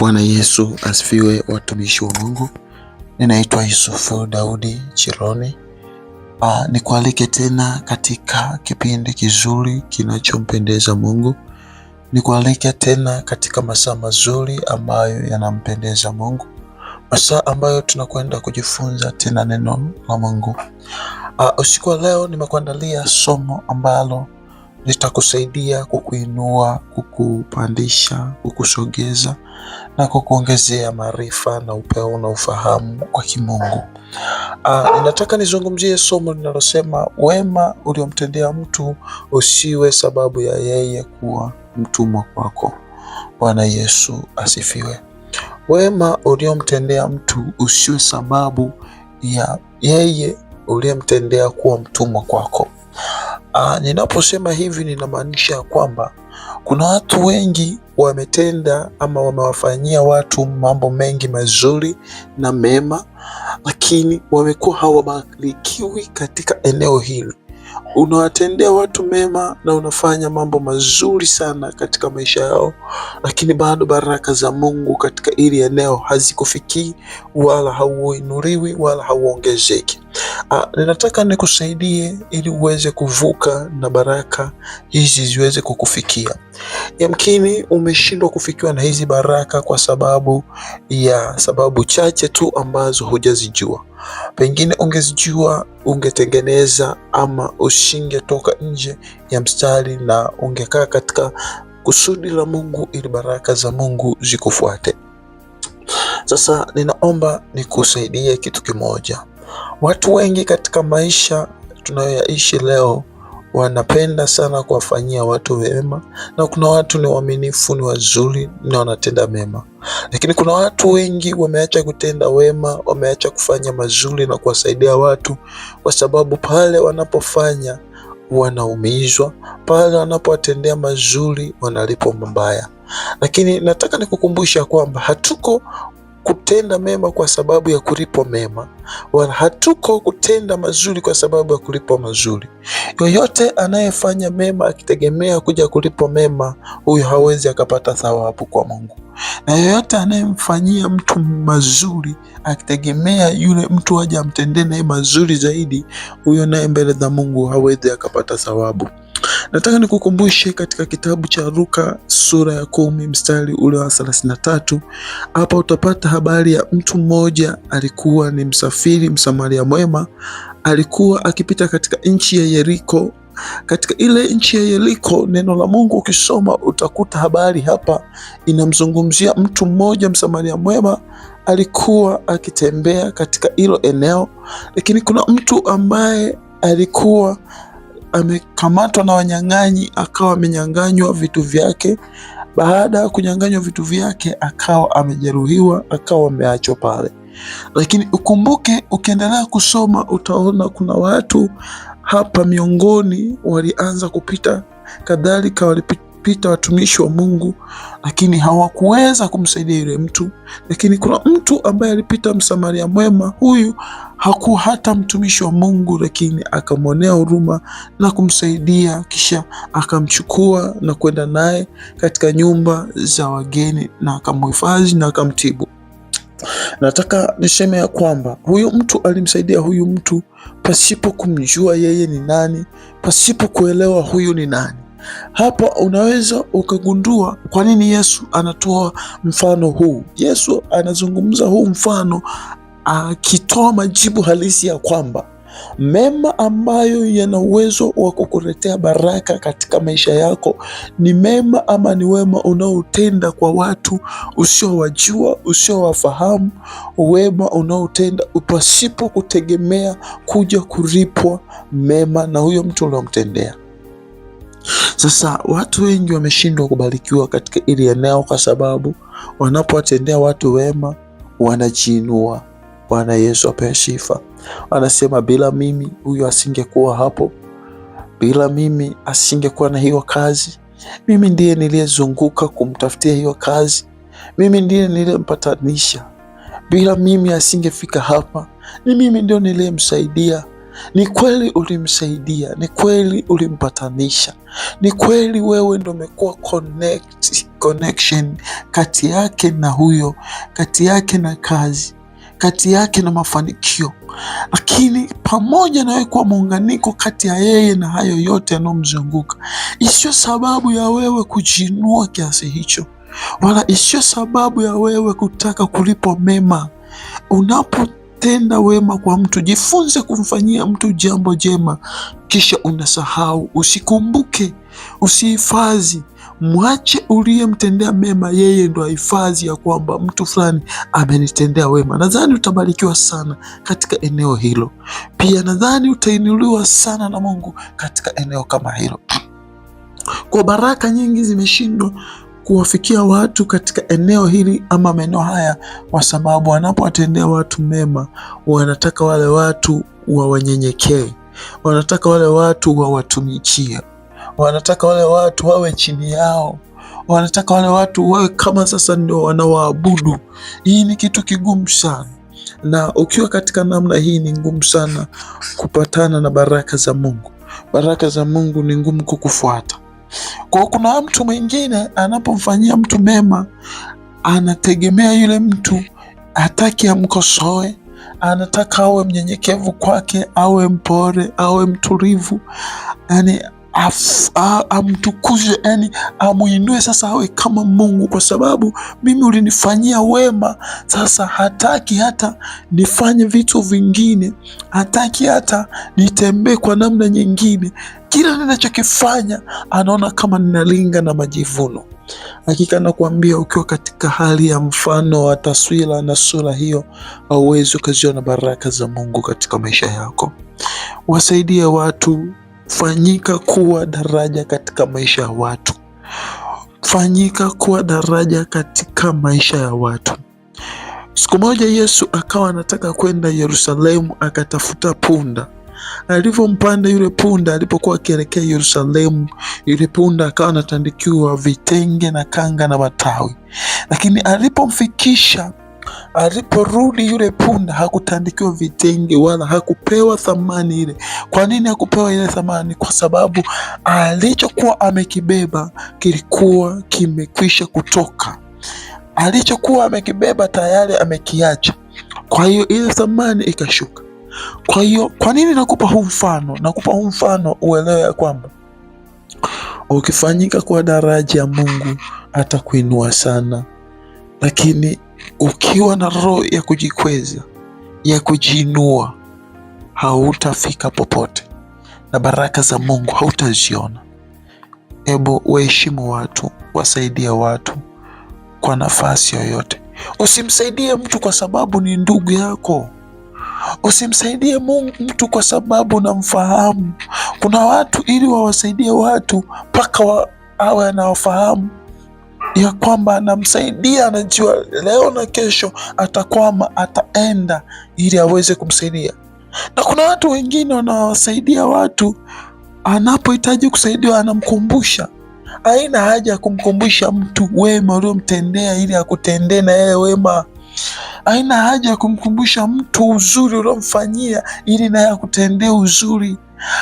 Bwana Yesu asifiwe, watumishi wa Mungu. Ninaitwa Yusufu Daudi Chirone. Uh, nikualike tena katika kipindi kizuri kinachompendeza Mungu. Nikualike tena katika masaa mazuri ambayo yanampendeza Mungu, masaa ambayo tunakwenda kujifunza tena neno la Mungu. Uh, usiku wa leo nimekuandalia somo ambalo nitakusaidia kukuinua, kukupandisha, kukusogeza na kukuongezea maarifa na upeo na ufahamu wa kimungu. Aa, ah, ninataka nizungumzie somo linalosema wema uliomtendea mtu usiwe sababu ya yeye kuwa mtumwa kwako. Bwana Yesu asifiwe. Wema uliomtendea mtu usiwe sababu ya yeye uliyemtendea kuwa mtumwa kwako. Aa, ah, ninaposema hivi ninamaanisha kwamba kuna watu wengi wametenda ama wamewafanyia watu mambo mengi mazuri na mema, lakini wamekuwa hawabarikiwi katika eneo hili unawatendea watu mema na unafanya mambo mazuri sana katika maisha yao, lakini bado baraka za Mungu katika ili eneo hazikufikii wala hauinuriwi wala hauongezeki. Ah, ninataka nikusaidie ili uweze kuvuka na baraka hizi ziweze kukufikia. Yamkini umeshindwa kufikiwa na hizi baraka kwa sababu ya sababu chache tu ambazo hujazijua. Pengine ungezijua ungetengeneza, ama usingetoka nje ya mstari na ungekaa katika kusudi la Mungu ili baraka za Mungu zikufuate. Sasa ninaomba nikusaidie kitu kimoja. Watu wengi katika maisha tunayoyaishi leo wanapenda sana kuwafanyia watu wema, na kuna watu ni waaminifu, ni wazuri na wanatenda mema, lakini kuna watu wengi wameacha kutenda wema, wameacha kufanya mazuri na kuwasaidia watu, kwa sababu pale wanapofanya wanaumizwa, pale wanapowatendea mazuri wanalipwa mabaya. Lakini nataka nikukumbusha kwamba hatuko kutenda mema kwa sababu ya kulipwa mema, wala hatuko kutenda mazuri kwa sababu ya kulipwa mazuri. Yoyote anayefanya mema akitegemea kuja kulipwa mema, huyo hawezi akapata thawabu kwa Mungu, na yoyote anayemfanyia mtu mazuri akitegemea yule mtu aje amtendee naye mazuri zaidi, huyo naye mbele za Mungu hawezi akapata thawabu. Nataka nikukumbushe katika kitabu cha Luka sura ya kumi mstari ule wa 33. Hapa utapata habari ya mtu mmoja alikuwa ni msafiri Msamaria mwema, alikuwa akipita katika nchi ya Yeriko. Katika ile nchi ya Yeriko, neno la Mungu ukisoma utakuta habari hapa inamzungumzia mtu mmoja Msamaria mwema alikuwa akitembea katika hilo eneo, lakini kuna mtu ambaye alikuwa amekamatwa na wanyang'anyi, akawa amenyang'anywa vitu vyake. Baada ya kunyang'anywa vitu vyake, akawa amejeruhiwa, akawa ameachwa pale. Lakini ukumbuke, ukiendelea kusoma utaona kuna watu hapa miongoni walianza kupita kadhalika, walipita kupita watumishi wa Mungu, lakini hawakuweza kumsaidia yule mtu. Lakini kuna mtu ambaye alipita, msamaria mwema. Huyu haku hata mtumishi wa Mungu, lakini akamwonea huruma na kumsaidia, kisha akamchukua na kwenda naye katika nyumba za wageni na akamhifadhi na akamtibu. Nataka niseme ya kwamba huyu mtu alimsaidia huyu mtu pasipo kumjua yeye ni nani, pasipo kuelewa huyu ni nani. Hapa unaweza ukagundua kwa nini Yesu anatoa mfano huu. Yesu anazungumza huu mfano akitoa majibu halisi ya kwamba mema ambayo yana uwezo wa kukuletea baraka katika maisha yako ni mema ama ni wema unaotenda kwa watu usiowajua, usiowafahamu, wema unaotenda upasipo kutegemea kuja kulipwa mema na huyo mtu unaomtendea. Sasa watu wengi wameshindwa kubarikiwa katika ili eneo kwa sababu wanapowatendea watu wema wanajiinua. Bwana Yesu apewe sifa. Anasema bila mimi huyo asingekuwa hapo, bila mimi asingekuwa na hiyo kazi. Mimi ndiye niliyezunguka kumtafutia hiyo kazi, mimi ndiye niliyempatanisha, bila mimi asingefika hapa, ni mimi ndio niliyemsaidia. Ni kweli ulimsaidia, ni kweli ulimpatanisha, ni kweli wewe ndo umekuwa connect, connection kati yake na huyo, kati yake na kazi, kati yake na mafanikio. Lakini pamoja na wewe kuwa muunganiko kati ya yeye na hayo yote yanayomzunguka, isiyo sababu ya wewe kujiinua kiasi hicho, wala isiyo sababu ya wewe kutaka kulipwa mema unapo tenda wema kwa mtu, jifunze kumfanyia mtu jambo jema, kisha unasahau. Usikumbuke, usihifadhi, mwache uliyemtendea mema, yeye ndo ahifadhi ya kwamba mtu fulani amenitendea wema. Nadhani utabarikiwa sana katika eneo hilo, pia nadhani utainuliwa sana na Mungu katika eneo kama hilo, kwa baraka nyingi zimeshindwa kuwafikia watu katika eneo hili ama maeneo haya, kwa sababu wanapowatendea watu mema, wanataka wale watu wawanyenyekee, wanataka wale watu wawatumikie, wanataka wale watu wawe chini yao wanataka wale watu wawe kama sasa ndio wanawaabudu. Hii ni kitu kigumu sana, na ukiwa katika namna hii ni ngumu sana kupatana na baraka za Mungu. Baraka za Mungu ni ngumu kukufuata. Kwa kuna mtu mwingine anapomfanyia mtu mema, anategemea yule mtu, hataki amkosoe, anataka awe mnyenyekevu kwake, awe mpore awe mtulivu, yani amtukuze, yani amwinue sasa awe kama Mungu, kwa sababu mimi ulinifanyia wema. Sasa hataki hata nifanye vitu vingine, hataki hata nitembee kwa namna nyingine. Kila ninachokifanya anaona kama ninalinga na majivuno. Hakika nakuambia, ukiwa katika hali ya mfano wa taswira na sura hiyo, hauwezi ukaziona baraka za Mungu katika maisha yako. Wasaidie watu Fanyika kuwa daraja katika maisha ya watu. Fanyika kuwa daraja katika maisha ya watu. Siku moja Yesu akawa anataka kwenda Yerusalemu, akatafuta punda. Alivyompanda yule punda, alipokuwa akielekea Yerusalemu, yule punda akawa anatandikiwa vitenge na kanga na matawi, lakini alipomfikisha Aliporudi yule punda hakutandikiwa vitenge wala hakupewa thamani ile. Kwa nini hakupewa ile thamani? Kwa sababu alichokuwa amekibeba kilikuwa kimekwisha kutoka, alichokuwa amekibeba tayari amekiacha. Kwa hiyo ile thamani ikashuka. Kwa hiyo, kwa nini nakupa huu mfano? Nakupa huu mfano uelewe ya kwamba ukifanyika kwa daraja ya Mungu atakuinua sana, lakini ukiwa na roho ya kujikweza, ya kujiinua, hautafika popote na baraka za Mungu hautaziona. Hebu waheshimu watu, wasaidia watu kwa nafasi yoyote. Usimsaidie mtu kwa sababu ni ndugu yako. Usimsaidie mtu kwa sababu namfahamu Kuna watu ili wawasaidie watu mpaka awe anawafahamu ya kwamba anamsaidia, anajua leo na kesho atakwama, ataenda ili aweze kumsaidia. Na kuna watu wengine wanawasaidia watu, anapohitaji kusaidiwa anamkumbusha. Haina haja ya kumkumbusha mtu wema uliomtendea ili akutendee na yeye wema. Haina haja ya kumkumbusha mtu uzuri uliomfanyia ili naye akutendee uzuri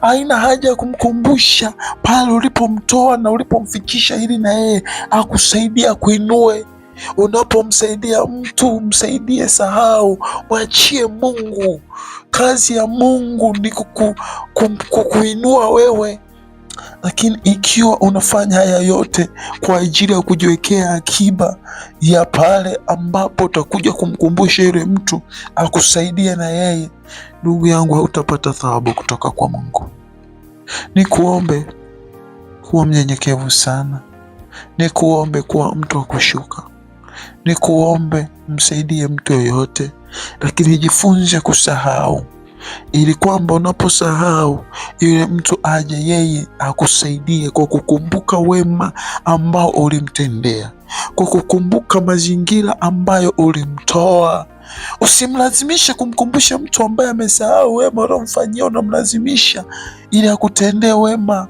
haina haja ya kumkumbusha pale ulipomtoa na ulipomfikisha, ili na yeye akusaidia kuinue. Unapomsaidia mtu msaidie, sahau, mwachie Mungu. Kazi ya Mungu ni kukuinua wewe. Lakini ikiwa unafanya haya yote kwa ajili ya kujiwekea akiba ya pale ambapo utakuja kumkumbusha yule mtu akusaidia na yeye, ndugu yangu, hautapata thawabu kutoka kwa Mungu. kuombe kuwa mnyenyekevu sana, ni kuombe kuwa mtu wa kushuka, ni kuombe msaidie mtu yoyote, lakini jifunze kusahau ili kwamba unaposahau yule mtu aje yeye akusaidie kwa kukumbuka wema ambao ulimtendea, kwa kukumbuka mazingira ambayo ulimtoa. Usimlazimishe kumkumbusha mtu ambaye amesahau wema unaomfanyia, unamlazimisha ili akutendee wema,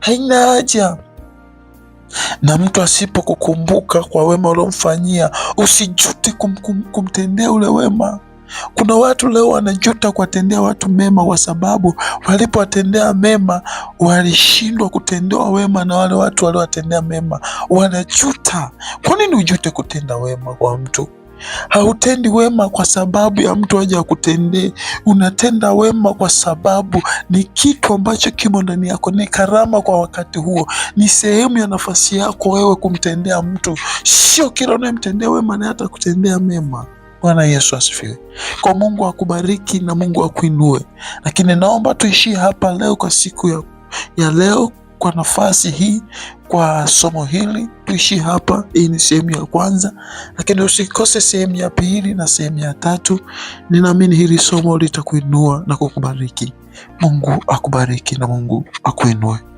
haina haja na mtu asipokukumbuka kwa wema uliomfanyia, usijute kum, kum, kumtendea ule wema. Kuna watu leo wanajuta kuwatendea watu mema, kwa sababu walipowatendea mema walishindwa kutendewa wema na wale watu waliowatendea mema. Wanajuta. Kwa nini ujute kutenda wema kwa mtu? Hautendi wema kwa sababu ya mtu aje akutendee. Unatenda wema kwa sababu ni kitu ambacho kimo ndani yako, ni karama kwa wakati huo, ni sehemu ya nafasi yako wewe kumtendea mtu. Sio kila unayemtendea wema naye atakutendea mema. Bwana Yesu asifiwe. Kwa Mungu akubariki na Mungu akuinue, lakini naomba tuishie hapa leo kwa siku ya, ya leo kwa nafasi hii, kwa somo hili tuishi hapa. Hii ni sehemu ya kwanza, lakini usikose sehemu ya pili na sehemu ya tatu. Ninaamini hili somo litakuinua na kukubariki. Mungu akubariki na Mungu akuinue.